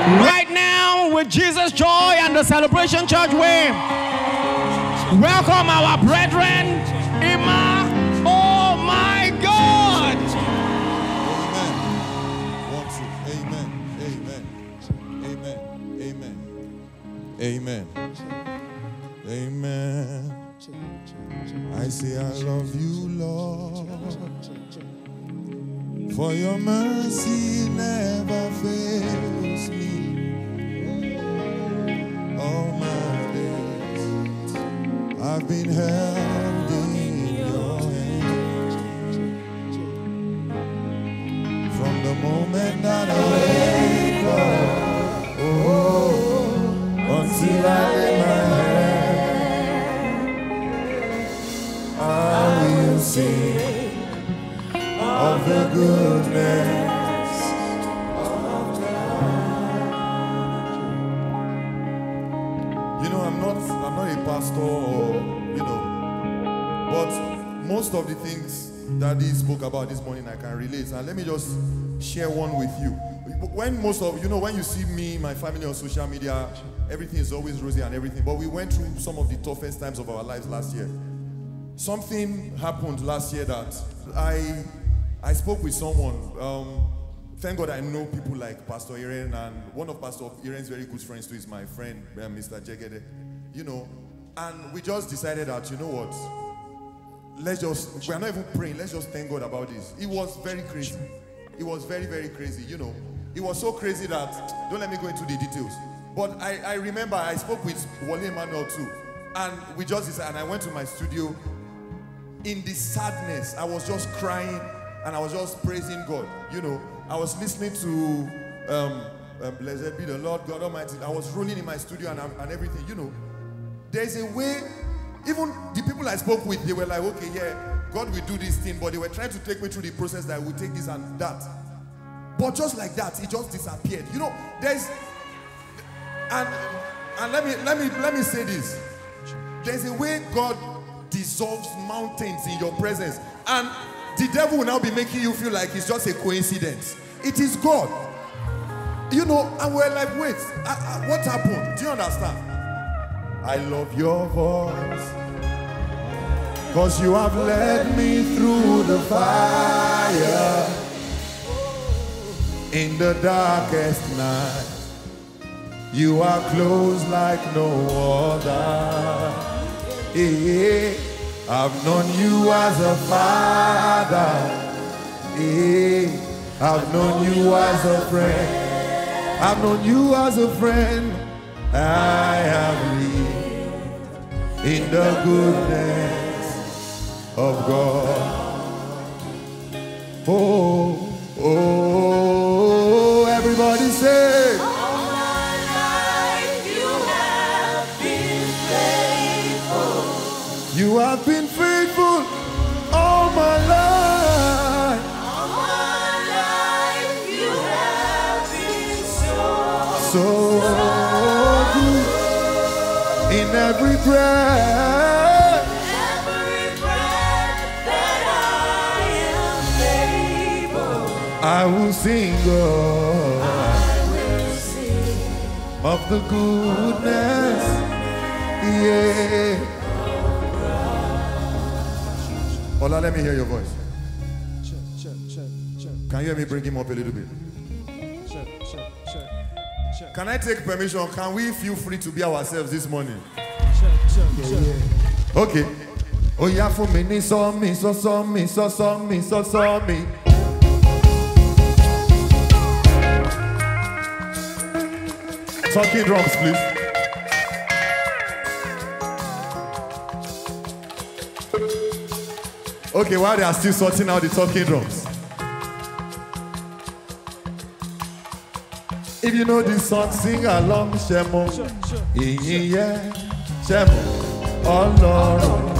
Right now, with Jesus Joy and the Celebration Church way, welcome our brethren, Emma. Oh my God! Amen. Amen. Amen. Amen. Amen. Amen. Amen. I say I love you, Lord. For your mercy never fails. I've been held in your hand from the moment that I wake up oh, until I lay my head. I will sing of the goodness. I'm not a pastor or, you know, but most of the things that he spoke about this morning, I can relate. And let me just share one with you. When most of, you know, when you see me, my family on social media, everything is always rosy and everything. But we went through some of the toughest times of our lives last year. Something happened last year that I, I spoke with someone. Um, thank God I know people like Pastor Iren, and one of Pastor Iren's very good friends too is my friend, uh, Mr. Jegede you know, and we just decided that, you know what, let's just, we're not even praying, let's just thank God about this. It was very crazy. It was very, very crazy, you know. It was so crazy that, don't let me go into the details. But I, I remember I spoke with Wale Emmanuel too, and we just decided, and I went to my studio in the sadness. I was just crying and I was just praising God, you know. I was listening to um, um Blessed be the Lord God Almighty. I was rolling in my studio and, and everything, you know. There's a way, even the people I spoke with, they were like, okay, yeah, God will do this thing, but they were trying to take me through the process that I will take this and that. But just like that, it just disappeared. You know, there's and and let me let me let me say this. There's a way God dissolves mountains in your presence, and the devil will now be making you feel like it's just a coincidence. It is God. You know, and we're like, wait, I, I, what happened? Do you understand? I love your voice. Cause you have led me through the fire in the darkest night. You are close like no other. Eh, I've known you as a father. Eh, I've known you as a friend. I've known you as a friend. I have lived in the goodness of God. Oh, oh, oh everybody say. All my life you have been faithful. You have been every breath. Every breath that I am able. I will sing, oh, I will sing of the goodness, yeah. Ola, let me hear your voice. Check, check, check, check. Can you help me bring him up a little bit? Check, check, check, check. Can I take permission? Can we feel free to be ourselves this morning? ok ó yá fún mi ní sọ́ọ̀mì sọ́sọ́ọ̀mì sọ́sọ́ọ̀mì sọ́sọ́ọ̀mì. Talking drums, please. Okay, while they are still sorting out the talking drums. If you know this song, sing along, Shemo. Sure, sure, sure. Yeah, Shemo ọlọ́run.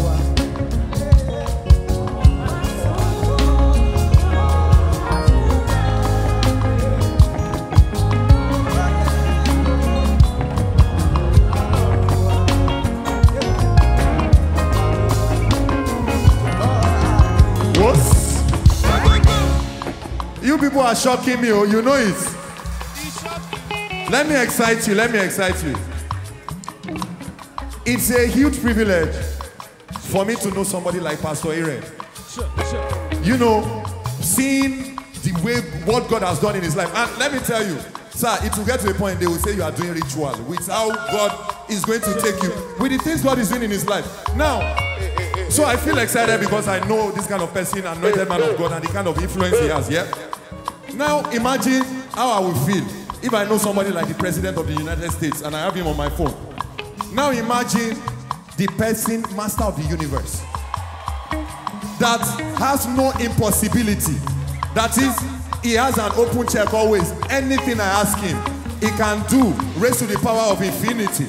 You people are shocking me, oh, you know it. Let me excite you, let me excite you. It's a huge privilege for me to know somebody like Pastor Aaron. You know, seeing the way what God has done in his life. And let me tell you, sir, it will get to a point they will say you are doing ritual with how God is going to take you, with the things God is doing in his life. Now, so I feel excited because I know this kind of person, anointed man of God, and the kind of influence he has, yeah? Now, imagine how I will feel if I know somebody like the President of the United States and I have him on my phone. Now imagine the person, master of the universe, that has no impossibility. That is, he has an open check always. Anything I ask him, he can do, raised to the power of infinity.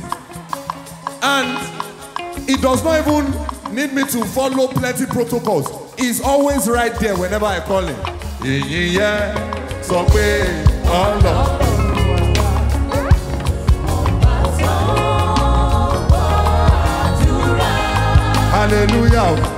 And he does not even need me to follow plenty protocols. He's always right there whenever I call him. Yeah, yeah, yeah. So, wait, oh, hallelujah.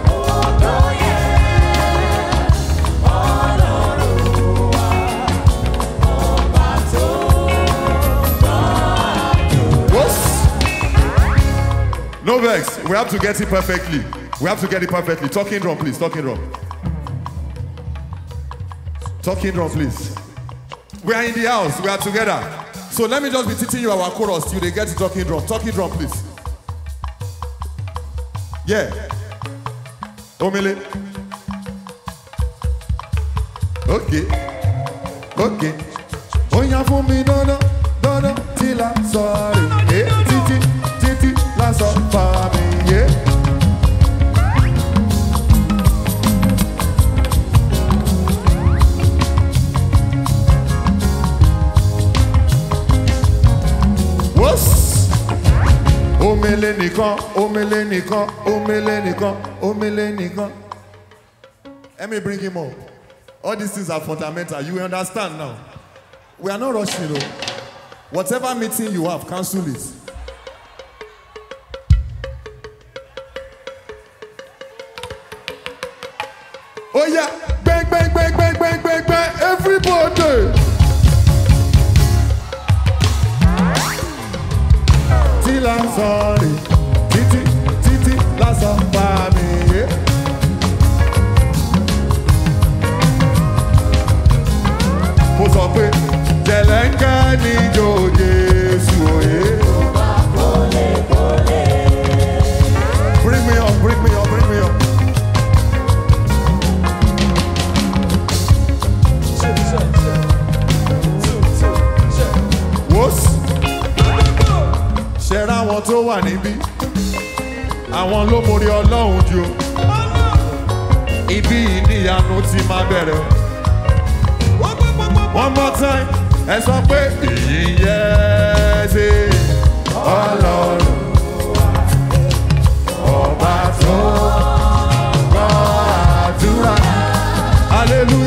No vex, we have to get it perfectly. We have to get it perfectly. Talking drum, please. Talking drum. Talking drum, please. We are in the house. We are together. So let me just be teaching you our chorus till they get the talking drum. Talking drum, please. Yeah. Omele. Okay. Okay. Oya fún mi dandan, dandan tí la sọ rè é la sọ fà What's omele nìkan omele nìkan omele nìkan omele nìkan. Let me bring him up. All these things are fundamental. You understand now. We are not rushing though. Whatever meeting you have, cancel it. lásán rè títí títí lásán bá mi yé. mo sọ pé jẹ̀lẹ́ńkẹ́ ni. àwọn ló mórí ọlọ́run jù ibi ìníyanu ti máa bẹ̀rẹ̀ one more time ẹ sọ pé èyí yẹ ṣe ọlọ́run ọba tó gbọ́ àdúrà hallelujah.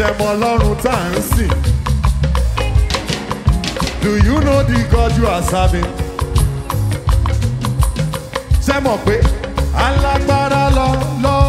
ṣẹmọ ọlọ́run tá à ń sìn. Do you know the God you are serving? ṣẹ́mọ̀ pé alágbára lọ lọ.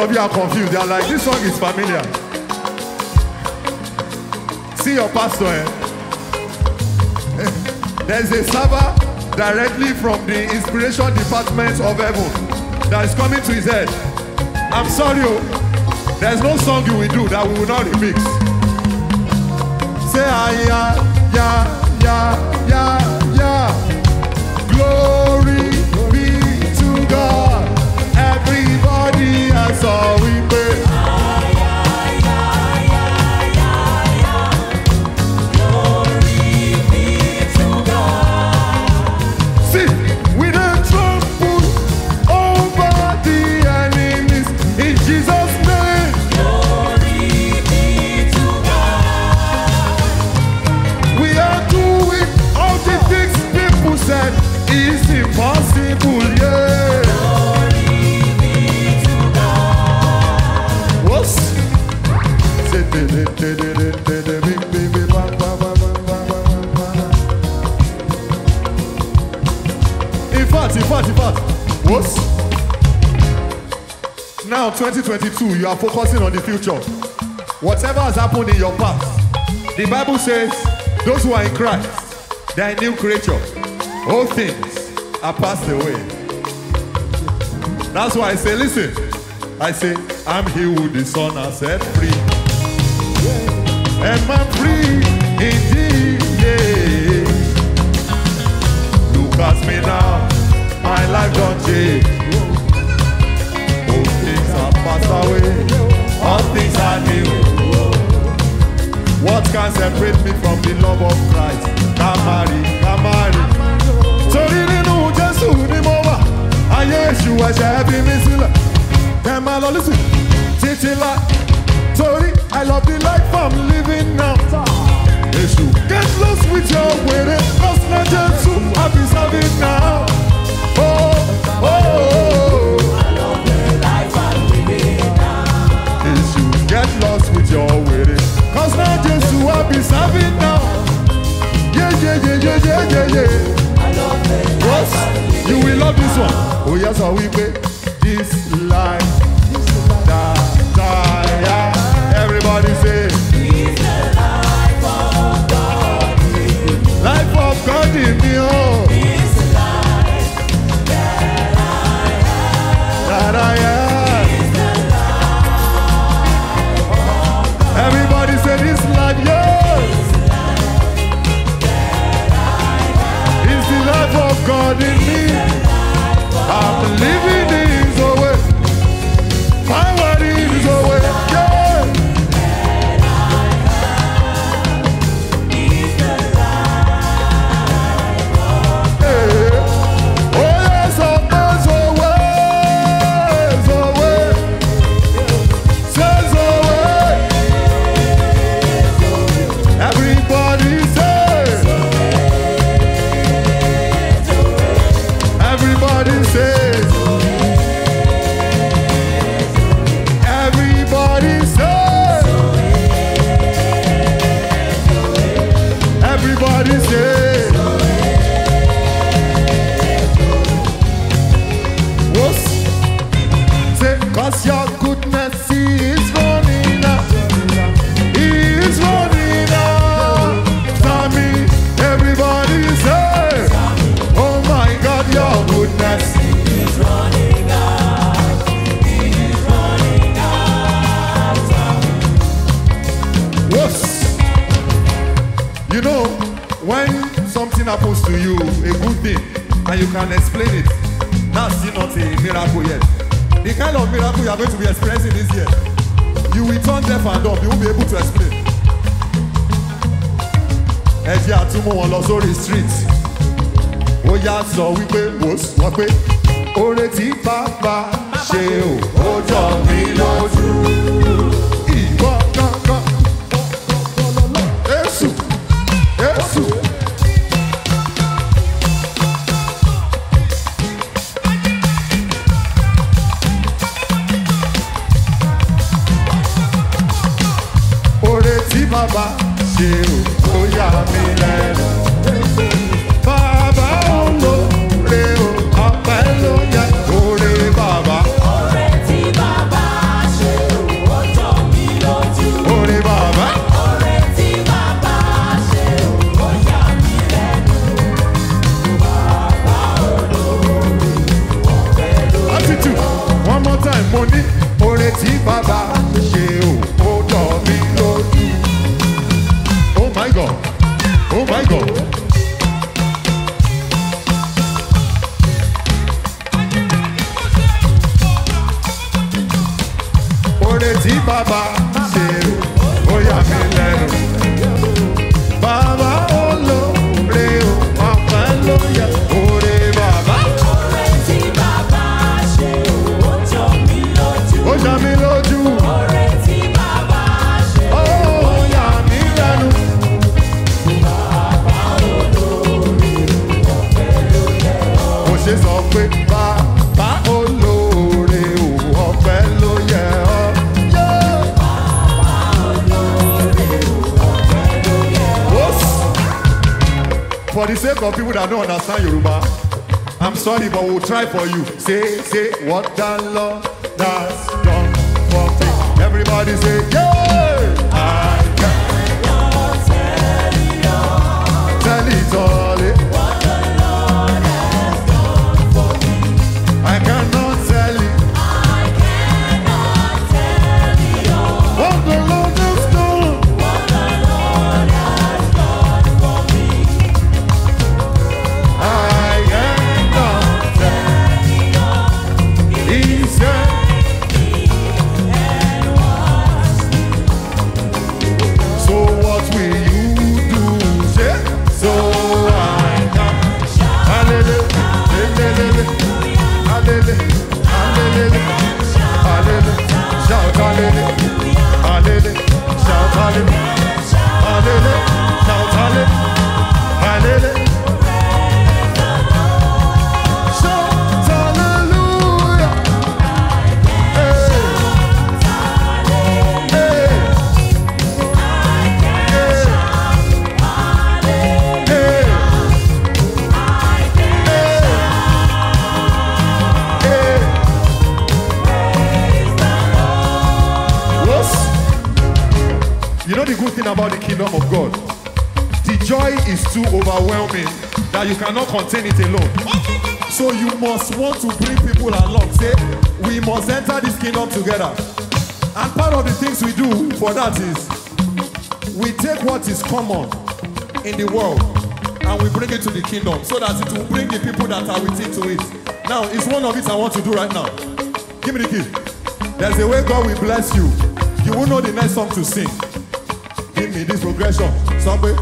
of you are confused. They are like, this song is familiar. See your pastor. Eh? There's a server directly from the inspiration department of heaven that is coming to his head. I'm sorry, oh, there's no song you will do that we will not remix. Say, ah, yeah, yeah, yeah, yeah, yeah. Glory. that's we. Been. In fact, in fact, what? Now, 2022, you are focusing on the future. Whatever has happened in your past, the Bible says, those who are in Christ, they are a new creature. All things are passed away. That's why I say, listen, I say, I'm here who the Son has set free am I free Yeah. Look at me now, my life don't change. things have passed away, all things are new. What can separate me from the love of Christ? Kamari, Kamari. Torí nínú Jésù ni mo wà, ayé èṣù ẹ̀ṣẹ̀ bí mi sílẹ̀. Kẹ̀ máa lọ lísìn títí láì. Tori, I love the life I'm living now. Yes, you get lost with your waiting. Lost not just to have is now. Oh, oh, oh. I love the life I'm living now. get lost with your now. Yeah, yeah, yeah, yeah, yeah, yeah, yeah. What? You will love this one. Oh, yes, I we play this life. God in me. I'm living. be able to explain. ẹ jẹ́ àtúmọ̀ wọn lọ sórí street ó yá sọ wípé wò wọ́n pé oore tí bàbá ṣe ò ó jọ mí lójú. some people that don't understand Yoruba. I'm sorry, but we'll try for you. Say, say, what the Lord has done for me. Everybody say, yeah! of God. The joy is too overwhelming that you cannot contain it alone. So you must want to bring people along. Say, we must enter this kingdom together. And part of the things we do for that is we take what is common in the world and we bring it to the kingdom so that it will bring the people that are with it to it. Now, it's one of it I want to do right now. Give me the key. There's a way God will bless you. You will know the next song to sing. Give me this progression. Somewhere.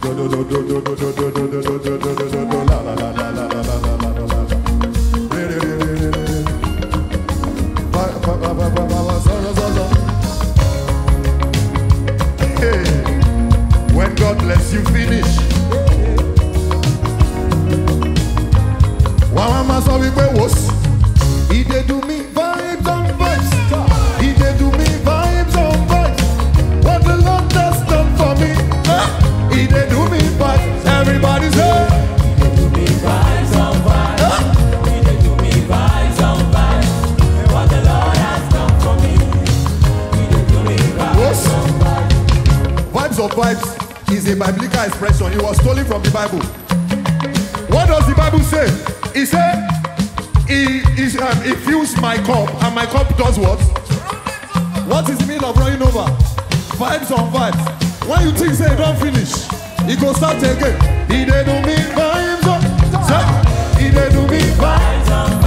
Do do do do do do do do do do do do do do do la la la la la la la la la la. Hey, when God lets you finish. Wàá máa sọ wípé wòsì, ìdè dùn mí. a biblical expression. It was stolen from the Bible. What does the Bible say? It says, "He it, um, it fills my cup, and my cup does what? What is the meaning of running over? Vibes on vibes. When you think say don't finish, it go start again. He It do me vibes on. It do me vibes on.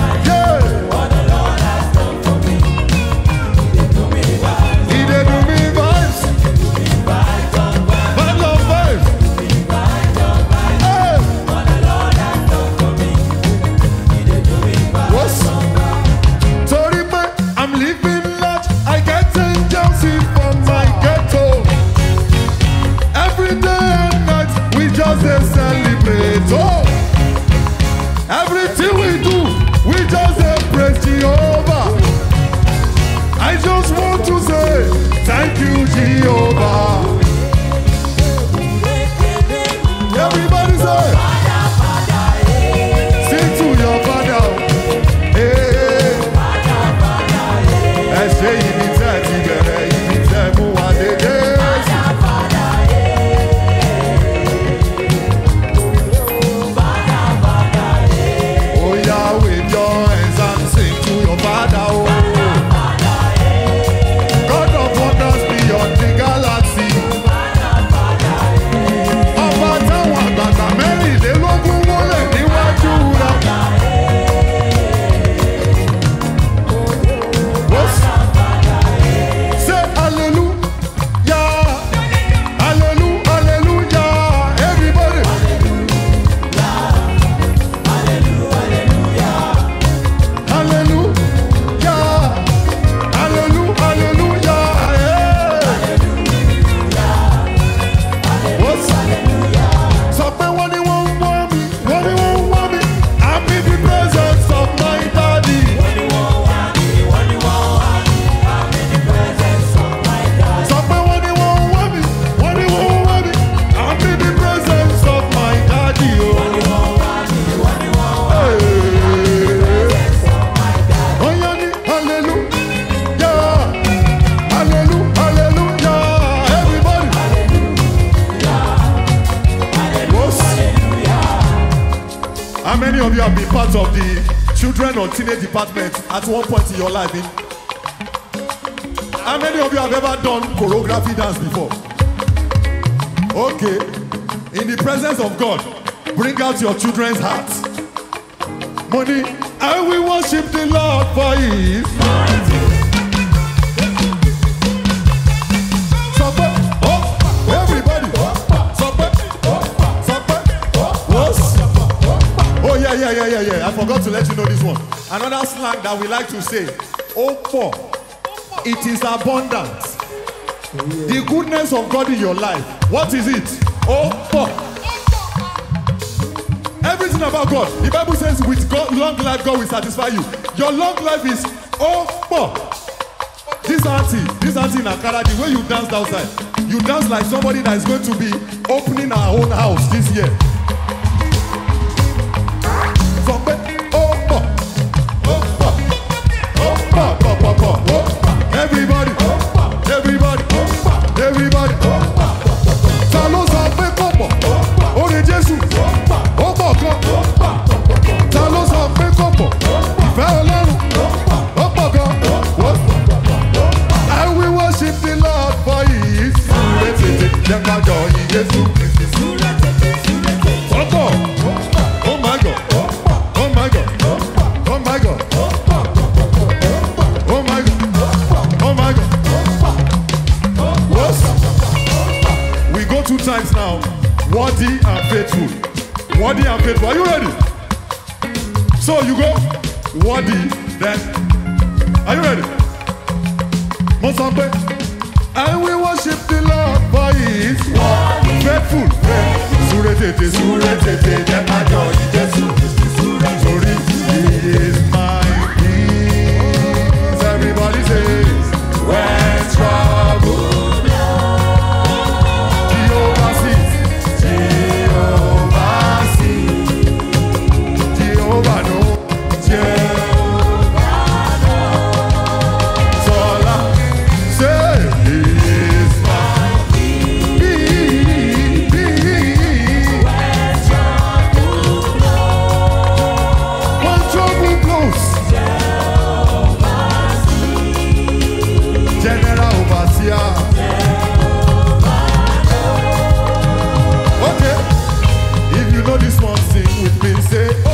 on teenage department at one point in your life in eh? how many of you have ever done choreography dance before okay in the presence of God bring out your children's hearts. money and we worship the Lord for his. forgot to let you know this one. Another slang that we like to say, Opo, it is abundant. The goodness of God in your life, what is it? Opo. Everything about God, the Bible says, with God, long life, God will satisfy you. Your long life is Opo. This auntie, this auntie in Akara, the way you dance outside, you dance like somebody that is going to be opening our own house this year. two times now. Worthy and faithful. Worthy and faithful. Are you ready? So you go. Worthy. Then. Are you ready? Mosambe. And we worship the Lord for He is faithful. Súré tètè súré tètè jẹ́ kájọ yìí Jésù. Torí He is my peace. Everybody say. Well. me say eh?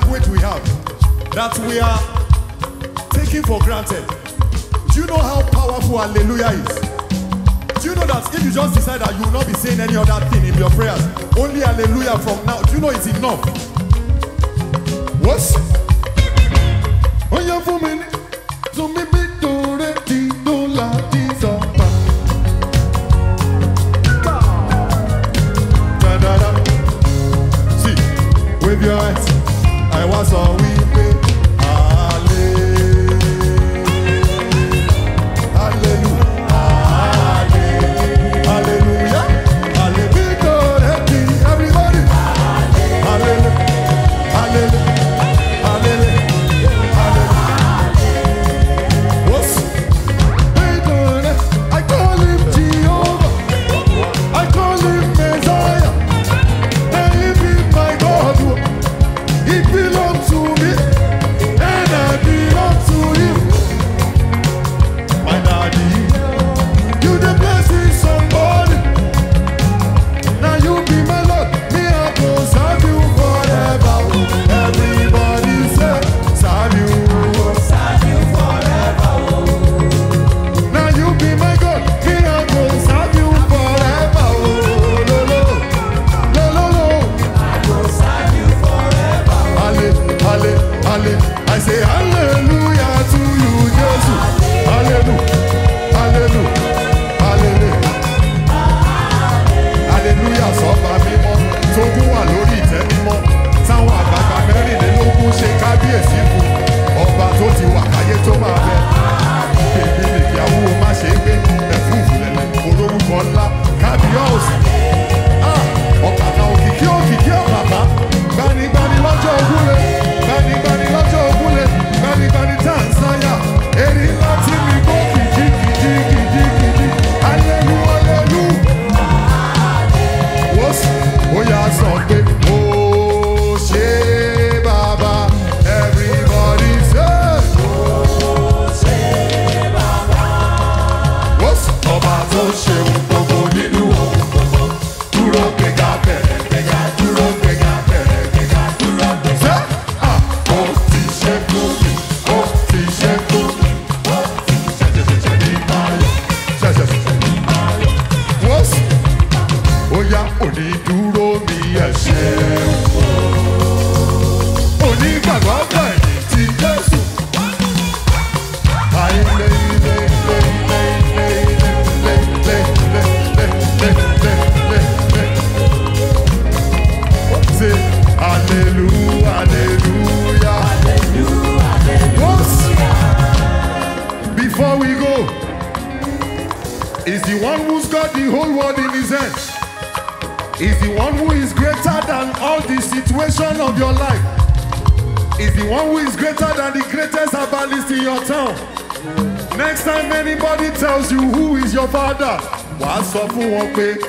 language we have that we are taking for granted. Do you know how powerful hallelujah is? Do you know that if you just decide that you will not be saying any other thing in your prayers, only hallelujah from now, do you know it's enough? What? Oh, yeah, for me, so maybe that's all we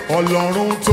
ọlọ́run tó.